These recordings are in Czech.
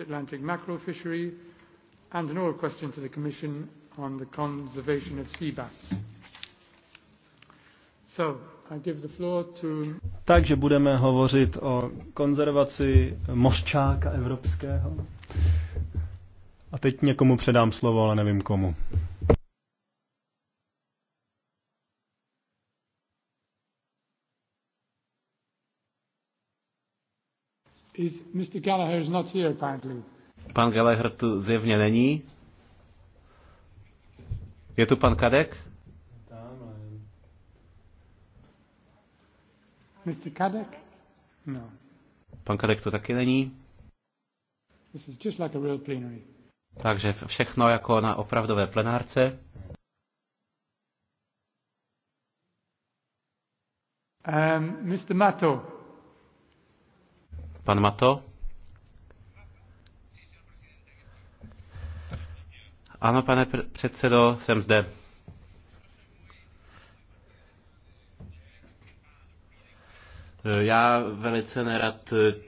Atlantic mackerel fishery, and an oral question to the Commission on the conservation of sea bass. So, I give the floor to... Takže budeme hovořit o konzervaci mořčáka evropského. A teď někomu předám slovo, ale nevím komu. Is Mr. Gallagher is not here, apparently. Pan Gallagher tu zjevně není. Je tu pan Kadek? Mr. Kadek? No. Pan Kadek to taky není. This is just like a real plenary. Takže všechno jako na opravdové plenárce. Um, Mr. Mato. Pan Mato? Ano, pane předsedo, jsem zde. Já velice nerad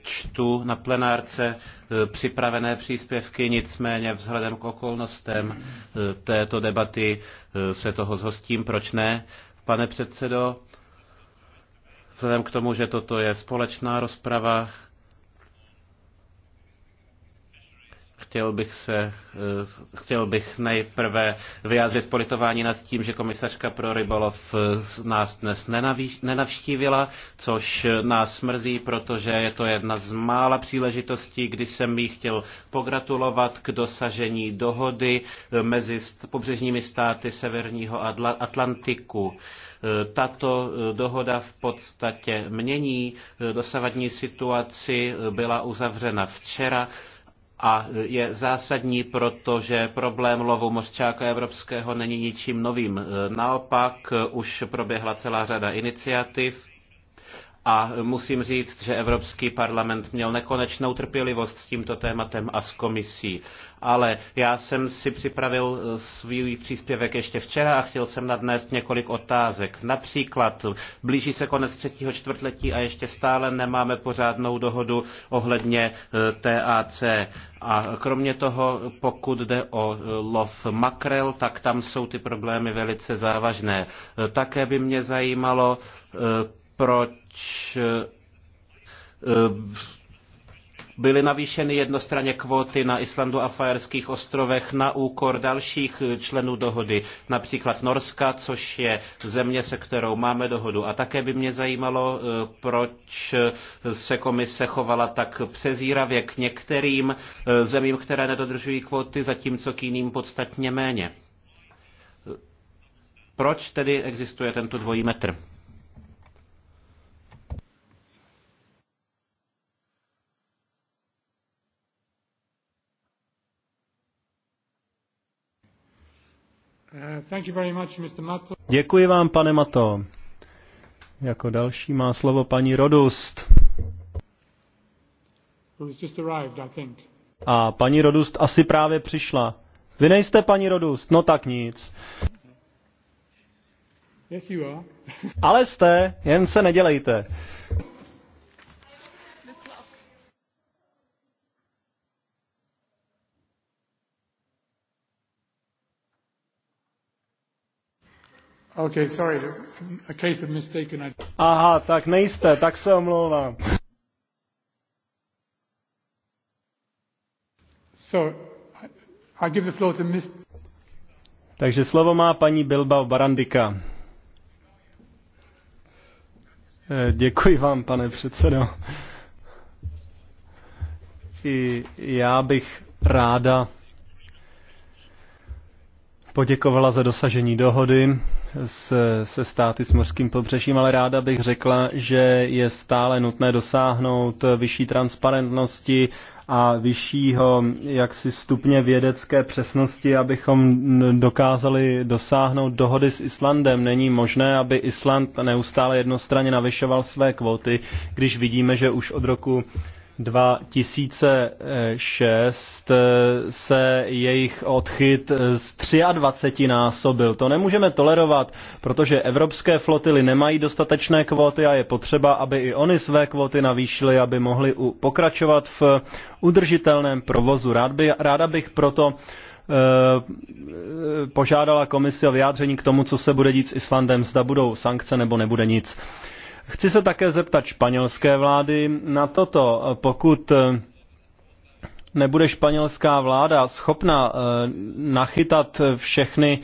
čtu na plenárce e, připravené příspěvky, nicméně vzhledem k okolnostem e, této debaty e, se toho zhostím, proč ne, pane předsedo. Vzhledem k tomu, že toto je společná rozprava, Chtěl bych, se, eh, chtěl bych nejprve vyjádřit politování nad tím, že komisařka pro rybolov eh, nás dnes nenavštívila, což eh, nás mrzí, protože je to jedna z mála příležitostí, kdy jsem jí chtěl pogratulovat k dosažení dohody mezi pobřežními státy Severního Atlantiku. Tato dohoda v podstatě mění dosavadní situaci, byla uzavřena včera a je zásadní, protože problém lovu mořčáka evropského není ničím novým. Naopak už proběhla celá řada iniciativ, a musím říct, že Evropský parlament měl nekonečnou trpělivost s tímto tématem a s komisí. Ale já jsem si připravil eh, svůj příspěvek ještě včera a chtěl jsem nadnést několik otázek. Například blíží se konec třetího čtvrtletí a ještě stále nemáme pořádnou dohodu ohledně eh, TAC. A kromě toho, pokud jde o eh, lov makrel, tak tam jsou ty problémy velice závažné. Také by mě zajímalo, proč Eh, eh, byly navýšeny jednostranně kvóty na Islandu a Fajerských ostrovech na úkor dalších členů dohody, například Norska, což je země, se kterou máme dohodu. A také by mě zajímalo, eh, proč se komise chovala tak přezíravě k některým zemím, které nedodržují kvóty, zatímco k jiným podstatně méně. Proč tedy existuje tento dvojí metr? Děkuji vám, pane Mato. Jako další má slovo paní Rodust. A paní Rodust asi právě přišla. Vy nejste paní Rodust, no tak nic. Ale jste, jen se nedělejte. Okay, sorry. A case of mistaken. Aha, tak nejste, tak se omlouvám. So, I give the floor to Ms. Takže slovo má paní Bilbao Barandika. Eh, děkuji vám, pane předsedo. I já bych ráda poděkovala za dosažení dohody se, se státy s mořským pobřežím, ale ráda bych řekla, že je stále nutné dosáhnout vyšší transparentnosti a vyššího jaksi stupně vědecké přesnosti, abychom dokázali dosáhnout dohody s Islandem. Není možné, aby Island neustále jednostranně navyšoval své kvóty, když vidíme, že už od roku 2006 eh, se jejich odchyt z 23 násobil. To nemůžeme tolerovat, protože evropské flotily nemají dostatečné kvóty a je potřeba, aby i oni své kvóty navýšili, aby mohli pokračovat v udržitelném provozu. Rád by, ráda bych proto eh, požádala komisi o vyjádření k tomu, co se bude dít s Islandem, zda budou sankce nebo nebude nic. Chci se také zeptat španělské vlády na toto. Pokud eh, nebude španělská vláda schopna eh, nachytat všechny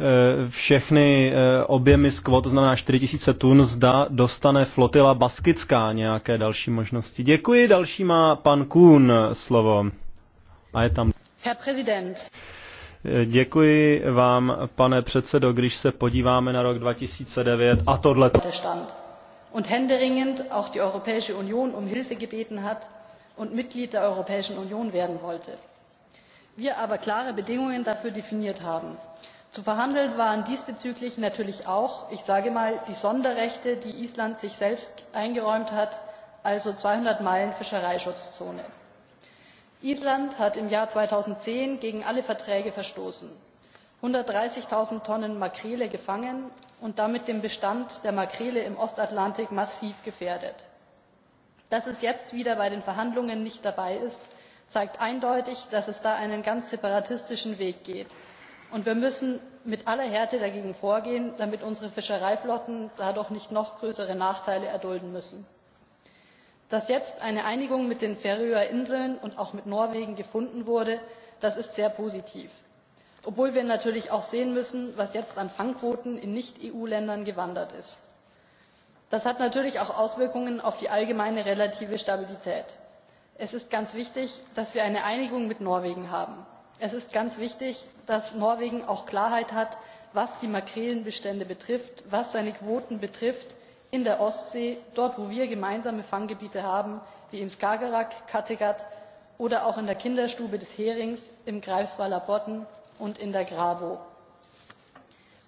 eh, všechny objemy z kvot, to znamená 4000 tun, zda dostane flotila baskická nějaké další možnosti. Děkuji, další má pan Kuhn slovo. A je tam. Herr Präsident. Děkuji vám, pane předsedo, když se podíváme na rok 2009 a tohle und händeringend auch die europäische union um hilfe gebeten hat und mitglied der europäischen union werden wollte wir aber klare bedingungen dafür definiert haben. zu verhandeln waren diesbezüglich natürlich auch ich sage mal die sonderrechte die island sich selbst eingeräumt hat also zweihundert meilen fischereischutzzone. island hat im jahr zweitausendzehn gegen alle verträge verstoßen einhundertdreißig null tonnen makrele gefangen und damit den bestand der makrele im ostatlantik massiv gefährdet. dass es jetzt wieder bei den verhandlungen nicht dabei ist zeigt eindeutig dass es da einen ganz separatistischen weg geht und wir müssen mit aller härte dagegen vorgehen damit unsere fischereiflotten dadurch nicht noch größere nachteile erdulden müssen. dass jetzt eine einigung mit den färöer inseln und auch mit norwegen gefunden wurde ist sehr positiv obwohl wir natürlich auch sehen müssen was jetzt an fangquoten in nicht eu ländern gewandert ist. das hat natürlich auch auswirkungen auf die allgemeine relative stabilität. es ist ganz wichtig dass wir eine einigung mit norwegen haben. es ist ganz wichtig dass norwegen auch klarheit hat was die makrelenbestände betrifft was seine quoten betrifft in der ostsee dort wo wir gemeinsame fanggebiete haben wie im skagerrak kattegat oder auch in der kinderstube des herings im greifswalder bodden und in der grabo.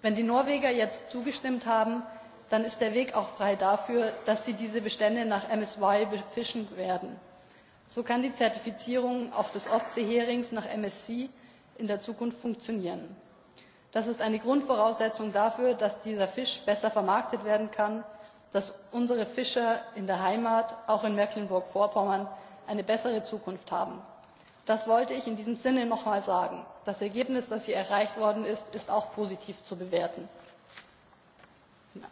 wenn die norweger jetzt zugestimmt haben dann ist der weg auch frei dafür dass sie diese bestände nach msy befischen werden. so kann die zertifizierung auch des ostseeherings nach msc in der zukunft funktionieren. das ist eine grundvoraussetzung dafür dass dieser fisch besser vermarktet werden kann dass unsere fischer in der heimat auch in mecklenburg vorpommern eine bessere zukunft haben das wollte ich in diesem sinne einmal sagen. das ergebnis das hier erreicht worden ist ist auch positiv zu bewerten. Uh,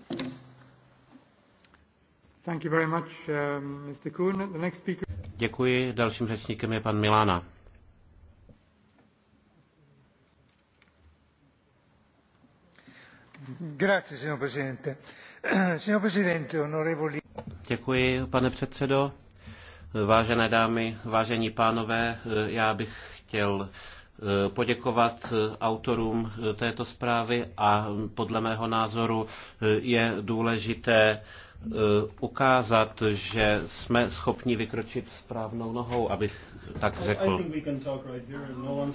Děkuji. Dalším řečníkem je pan Milana. Děkuji, pane předsedo. Vážené dámy, vážení pánové, já bych chtěl eh, poděkovat eh, autorům eh, této zprávy a podle mého názoru je důležité Eh, ukázat, že jsme schopni vykročit správnou nohou, abych tak řekl. No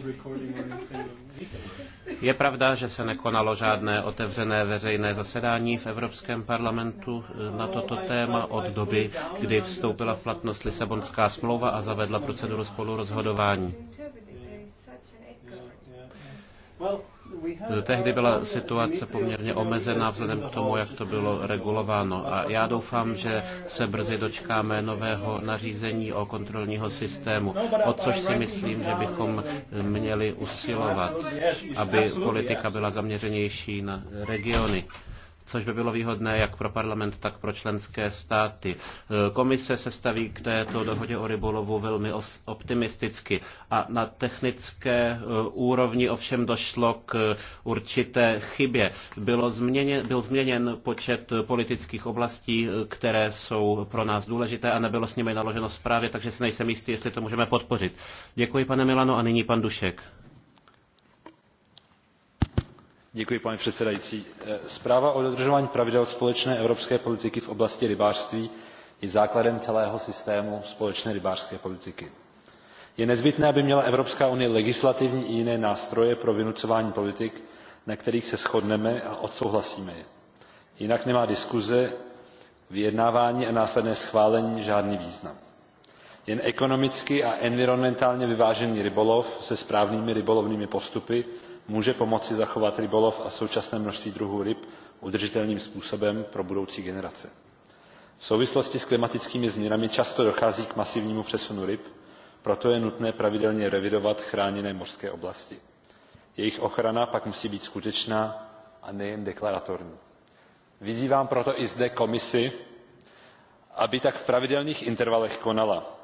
Je pravda, že se nekonalo žádné otevřené veřejné zasedání v Evropském parlamentu eh, na toto téma od doby, kdy vstoupila v platnost Lisabonská smlouva a zavedla proceduru spolurozhodování. Tehdy byla situace poměrně omezená vzhledem k tomu, jak to bylo regulováno. A já doufám, že se brzy dočkáme nového nařízení o kontrolního systému, o což si myslím, že bychom měli usilovat, aby politika byla zaměřenější na regiony což by bylo výhodné jak pro parlament, tak pro členské státy. Komise se staví k této dohodě o rybolovu velmi optimisticky a na technické eh, úrovni ovšem došlo k eh, určité chybě. Bylo změně, byl změněn počet politických oblastí, eh, které jsou pro nás důležité a nebylo s nimi naloženo zprávě, takže si nejsem jistý, jestli to můžeme podpořit. Děkuji, pane Milano, a nyní pan Dušek pane předsedající eh, zpráva o dodržování pravidel společné evropské politiky v oblasti rybářství je základem celého systému společné rybářské politiky. je nezbytné aby měla evropská unie legislativní i jiné nástroje pro vynucování politik na kterých se shodneme a odsouhlasíme je. jinak nemá diskuse vyjednávání a následné schválení žádný význam. jen ekonomicky a environmentálně vyvážený rybolov se správnými rybolovnými postupy může pomoci zachovat rybolov a současné množství druhů ryb udržitelným způsobem pro budoucí generace. v souvislosti s klimatickými změnami často dochází k masivnímu přesunu ryb proto je nutné pravidelně revidovat chráněné mořské oblasti. jejich ochrana pak musí být skutečná a nejen deklaratorní. vyzývám proto i zde komisi aby tak v pravidelných intervalech konala.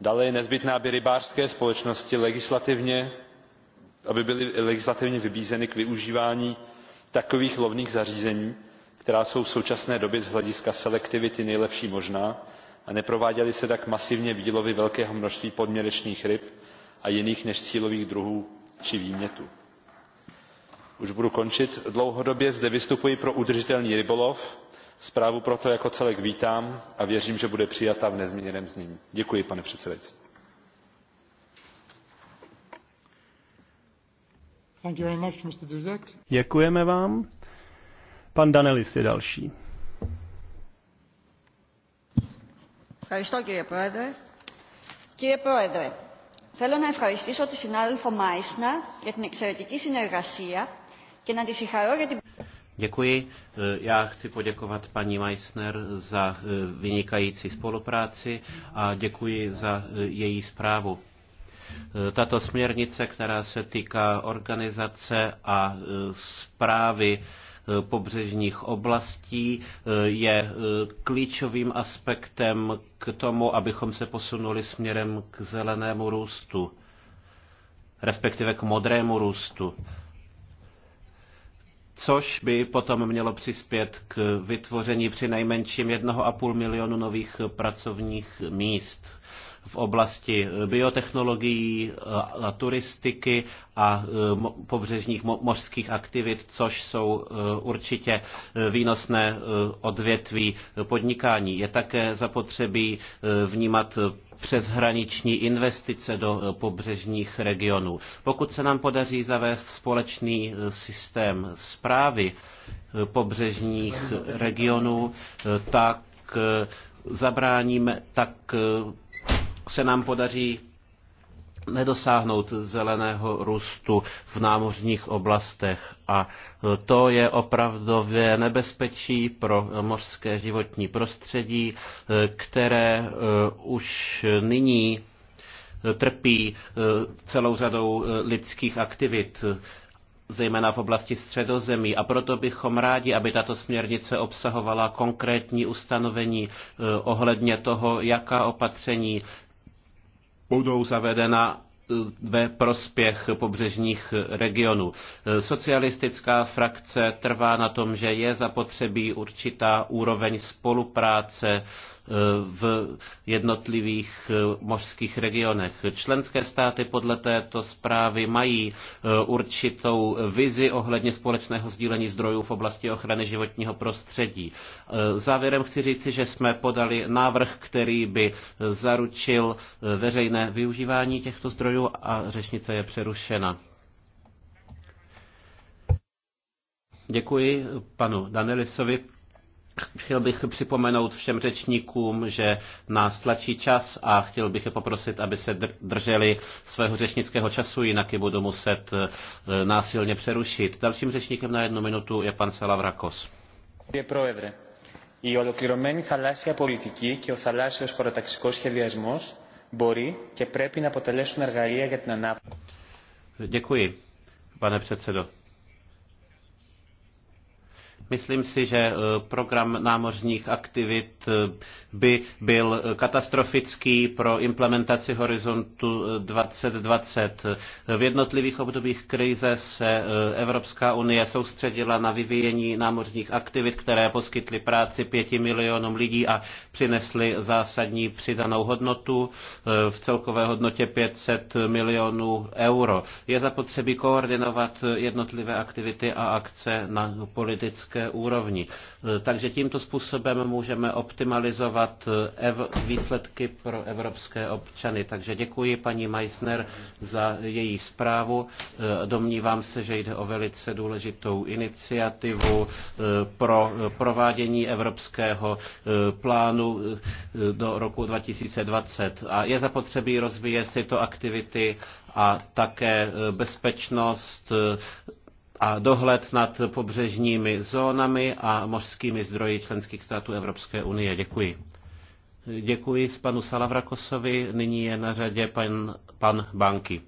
dále je nezbytné aby rybářské společnosti legislativně aby byly legislativně vybízeny k využívání takových lovných zařízení která jsou v současné době z hlediska selektivity nejlepší možná a neprováděly se tak masivně výlovy velkého množství podměrečných ryb a jiných než cílových druhů či výmětů. už budu končit. dlouhodobě zde vystupuji pro udržitelný rybolov zprávu proto jako celek vítám a věřím že bude přijata v nezměněném znění. děkuji pane předsedající. Děkujeme vám. Pan Danelis je další. θέλω να ευχαριστήσω τη συνάδελφο Μάισνα για την εξαιρετική συνεργασία και να τη συγχαρώ για την... Děkuji. Já chci poděkovat paní Meissner za vynikající spolupráci a děkuji za e, její zprávu. Eh, tato směrnice, která se týká organizace a zprávy eh, eh, pobřežních oblastí, je klíčovým aspektem k tomu, abychom se posunuli směrem k zelenému růstu, respektive k modrému růstu což by potom mělo přispět k vytvoření při nejmenším 1,5 milionu nových pracovních míst v oblasti eh, biotechnologií eh, a turistiky a eh, pobřežních mořských aktivit, což jsou určitě výnosné odvětví podnikání. Je také zapotřebí vnímat přeshraniční investice do pobřežních regionů. Pokud se nám podaří zavést společný systém zprávy pobřežních regionů, tak zabráníme, tak se nám podaří nedosáhnout zeleného růstu v námořních oblastech. A to je opravdově nebezpečí pro mořské životní prostředí, které eh, už nyní eh, trpí eh, celou řadou lidských aktivit zejména v oblasti středozemí. A proto bychom rádi, aby tato směrnice obsahovala konkrétní ustanovení ohledně toho, jaká opatření budou zavedena e, ve prospěch pobřežních regionů. E, socialistická frakce trvá na tom, že je zapotřebí určitá úroveň spolupráce v jednotlivých eh, mořských regionech. Členské státy podle této zprávy mají eh, určitou vizi ohledně společného sdílení zdrojů v oblasti ochrany životního prostředí. Eh, závěrem chci říci, že jsme podali návrh, který by zaručil veřejné využívání těchto zdrojů a řečnice je přerušena. Děkuji panu Danelisovi. Chtěl bych připomenout všem řečníkům, že nás tlačí čas a chtěl bych je poprosit, aby se drželi svého řečnického času, jinak je budu muset e, násilně přerušit. Dalším řečníkem na jednu minutu je pan Salavrakos. Je pro Η ολοκληρωμένη θαλάσσια πολιτική και ο θαλάσσιος χωροταξικός σχεδιασμός μπορεί και πρέπει να αποτελέσουν εργαλεία για την ανάπτυξη. Děkuji, pane předsedo. Myslím si, že eh, program námořních aktivit eh, by byl eh, katastrofický pro implementaci horizontu 2020. V jednotlivých obdobích krize se Evropská unie soustředila na vyvíjení námořních aktivit, které poskytly práci pěti milionům lidí a přinesly zásadní přidanou hodnotu v celkové hodnotě 500 milionů euro. Je zapotřebí koordinovat jednotlivé aktivity a akce na politické evropské úrovni. E, takže tímto způsobem můžeme optimalizovat e, ev- výsledky pro evropské občany. Takže děkuji paní Meissner za její zprávu. E, domnívám se, že jde o velice důležitou iniciativu pro provádění evropského plánu do roku 2020. A je zapotřebí rozvíjet tyto aktivity a také bezpečnost, a dohled nad pobřežními zónami a mořskými zdroji členských států Evropské unie. Děkuji. Děkuji s panu Salavrakosovi. Nyní je na řadě pan, pan Banky.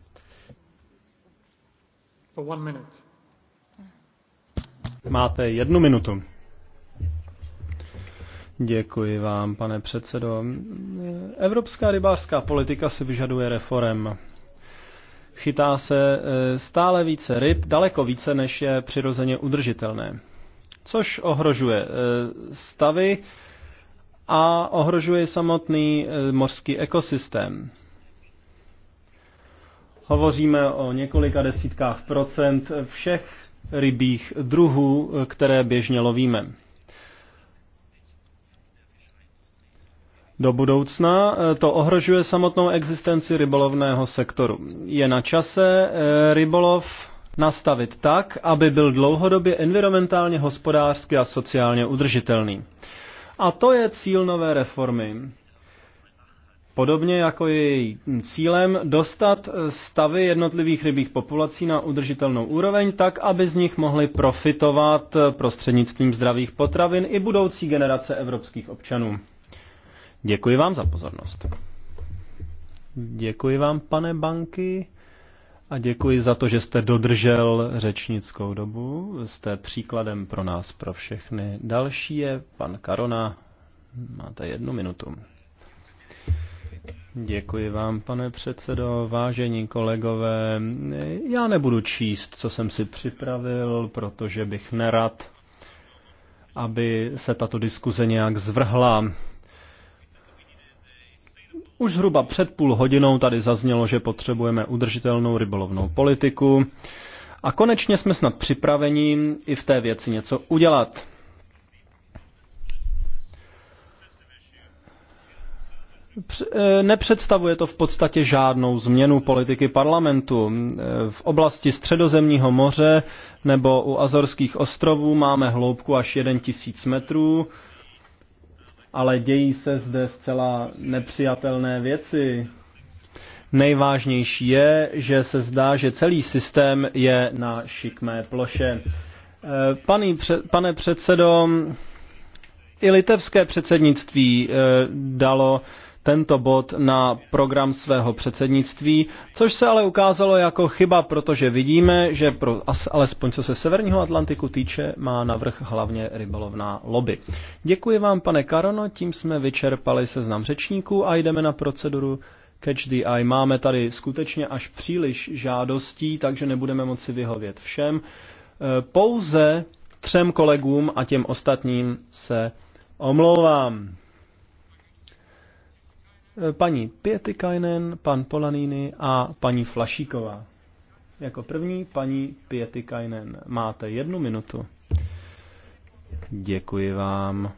Máte jednu minutu. Děkuji vám, pane předsedo. Evropská rybářská politika si vyžaduje reform Chytá se e, stále více ryb, daleko více, než je přirozeně udržitelné. Což ohrožuje e, stavy a ohrožuje samotný e, mořský ekosystém. Hovoříme o několika desítkách procent všech rybích druhů, které běžně lovíme. do budoucna. Eh, to ohrožuje samotnou existenci rybolovného sektoru. Je na čase eh, rybolov nastavit tak, aby byl dlouhodobě environmentálně, hospodářsky a sociálně udržitelný. A to je cíl nové reformy. Podobně jako je její cílem dostat eh, stavy jednotlivých rybích populací na udržitelnou úroveň tak, aby z nich mohly profitovat prostřednictvím zdravých potravin i budoucí generace evropských občanů. Děkuji vám za pozornost. Děkuji vám, pane Banky, a děkuji za to, že jste dodržel řečnickou dobu. Jste příkladem pro nás, pro všechny. Další je pan Karona. Máte jednu minutu. Děkuji vám, pane předsedo, vážení kolegové. Já nebudu číst, co jsem si připravil, protože bych nerad, aby se tato diskuze nějak zvrhla už zhruba před půl hodinou tady zaznělo, že potřebujeme udržitelnou rybolovnou politiku a konečně jsme snad připraveni i v té věci něco udělat. Eh, nepředstavuje to v podstatě žádnou změnu politiky parlamentu. Eh, v oblasti Středozemního moře nebo u Azorských ostrovů máme hloubku až 1000 metrů, ale dějí se zde zcela nepřijatelné věci. Nejvážnější je, že se zdá, že celý systém je na šikmé ploše. E, paní pane předsedo, i litevské předsednictví e, dalo tento bod na program svého předsednictví, což se ale ukázalo jako chyba, protože vidíme, že pro, alespoň co se Severního Atlantiku týče, má navrh hlavně rybolovná lobby. Děkuji vám, pane Karono, tím jsme vyčerpali seznam řečníků a jdeme na proceduru Catch the Eye. Máme tady skutečně až příliš žádostí, takže nebudeme moci vyhovět všem. E, pouze třem kolegům a těm ostatním se omlouvám. Eh, paní Pietikainen, pan Polanini a paní Flašíková. Jako první paní Pietikainen. Máte jednu minutu. Děkuji vám.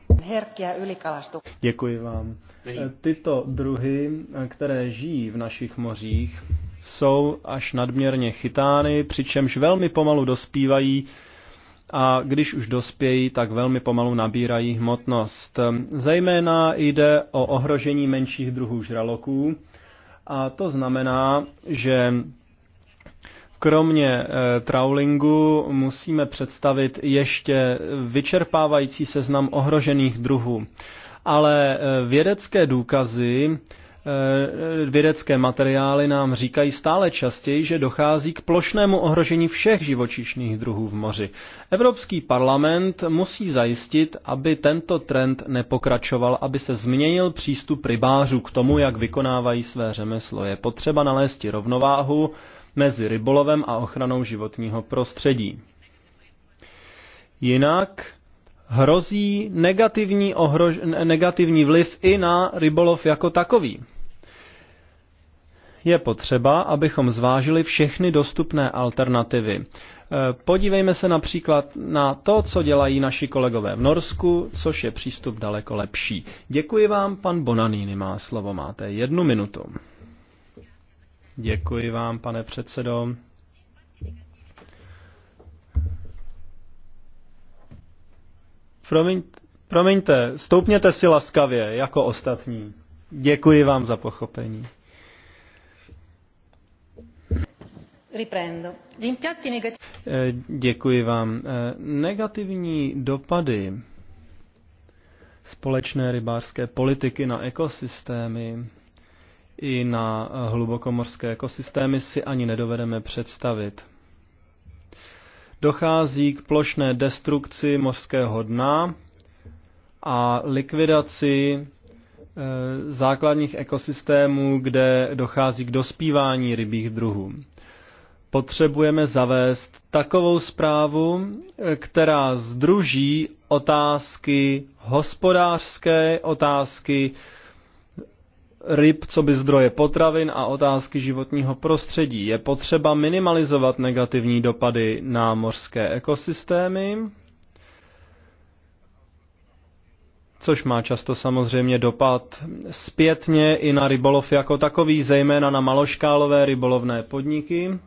Děkuji vám. Eh, tyto druhy, eh, které žijí v našich mořích, jsou až nadměrně chytány, přičemž velmi pomalu dospívají a když už dospějí, tak velmi pomalu nabírají hmotnost. Zejména jde o ohrožení menších druhů žraloků a to znamená, že kromě eh, traulingu musíme představit ještě vyčerpávající seznam ohrožených druhů. Ale eh, vědecké důkazy Eh, vědecké materiály nám říkají stále častěji, že dochází k plošnému ohrožení všech živočišných druhů v moři. Evropský parlament musí zajistit, aby tento trend nepokračoval, aby se změnil přístup rybářů k tomu, jak vykonávají své řemeslo. Je potřeba nalézt rovnováhu mezi rybolovem a ochranou životního prostředí. Jinak hrozí negativní, ohrož, negativní vliv i na rybolov jako takový. Je potřeba, abychom zvážili všechny dostupné alternativy. E, podívejme se například na to, co dělají naši kolegové v Norsku, což je přístup daleko lepší. Děkuji vám, pan Bonanini má slovo, máte jednu minutu. Děkuji vám, pane předsedo. Promiň, promiňte, stoupněte si laskavě, jako ostatní. Děkuji vám za pochopení. Eh, děkuji vám. Eh, negativní dopady společné rybářské politiky na ekosystémy i na hlubokomorské ekosystémy si ani nedovedeme představit. Dochází k plošné destrukci mořského dna a likvidaci e, základních ekosystémů, kde dochází k dospívání rybích druhů. Potřebujeme zavést takovou zprávu, e, která združí otázky hospodářské, otázky ryb, co by zdroje potravin a otázky životního prostředí. Je potřeba minimalizovat negativní dopady na mořské ekosystémy, což má často samozřejmě dopad zpětně i na rybolov jako takový, zejména na maloškálové rybolovné podniky,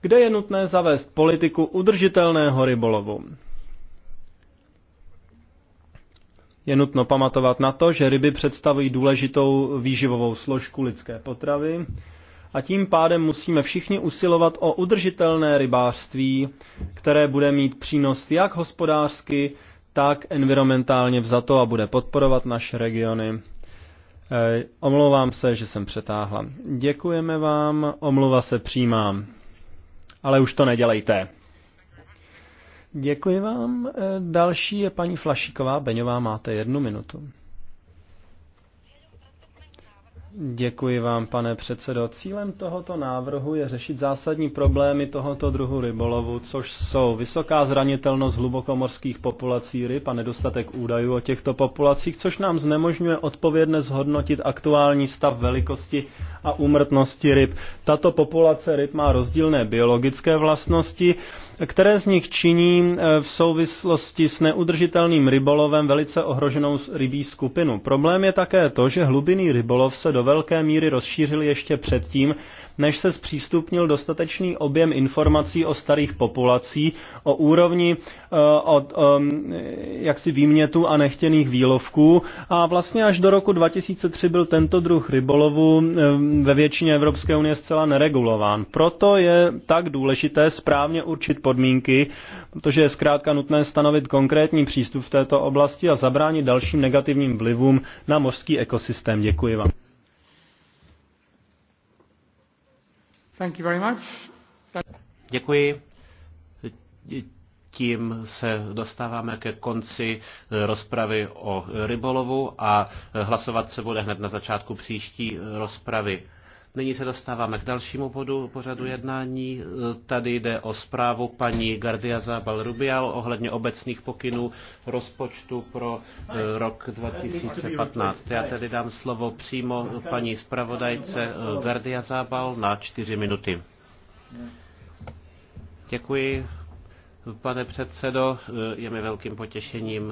kde je nutné zavést politiku udržitelného rybolovu. Je nutno pamatovat na to, že ryby představují důležitou výživovou složku lidské potravy a tím pádem musíme všichni usilovat o udržitelné rybářství, které bude mít přínos jak hospodářsky, tak environmentálně vzato a bude podporovat naše regiony. E, omlouvám se, že jsem přetáhla. Děkujeme vám, omluva se přijímám. Ale už to nedělejte. Děkuji vám. E, další je paní Flašíková. Beňová, máte jednu minutu. Děkuji vám, pane předsedo. Cílem tohoto návrhu je řešit zásadní problémy tohoto druhu rybolovu, což jsou vysoká zranitelnost hlubokomorských populací ryb a nedostatek údajů o těchto populacích, což nám znemožňuje odpovědně zhodnotit aktuální stav velikosti a úmrtnosti ryb. Tato populace ryb má rozdílné biologické vlastnosti které z nich činí eh, v souvislosti s neudržitelným rybolovem velice ohroženou rybí skupinu. Problém je také to, že hlubinný rybolov se do velké míry rozšířil ještě předtím, než se zpřístupnil dostatečný objem informací o starých populací, o úrovni o, eh, o, ehm, jaksi výmětu a nechtěných výlovků a vlastně až do roku 2003 byl tento druh rybolovu ehm, ve většině Evropské unie zcela neregulován. Proto je tak důležité správně určit podmínky, protože je zkrátka nutné stanovit konkrétní přístup v této oblasti a zabránit dalším negativním vlivům na mořský ekosystém. Děkuji vám. Thank you very much. Děkuji. Tím se dostáváme ke konci eh, rozpravy o rybolovu a eh, hlasovat se bude hned na začátku příští eh, rozpravy. Nyní se dostáváme k dalšímu bodu pořadu jednání. Tady jde o zprávu paní Gardiaza Balrubial ohledně obecných pokynů rozpočtu pro eh, rok 2015. Já tedy dám slovo přímo paní zpravodajce eh, Gardiaza Bal na čtyři minuty. Děkuji, pane předsedo. Eh, je mi velkým potěšením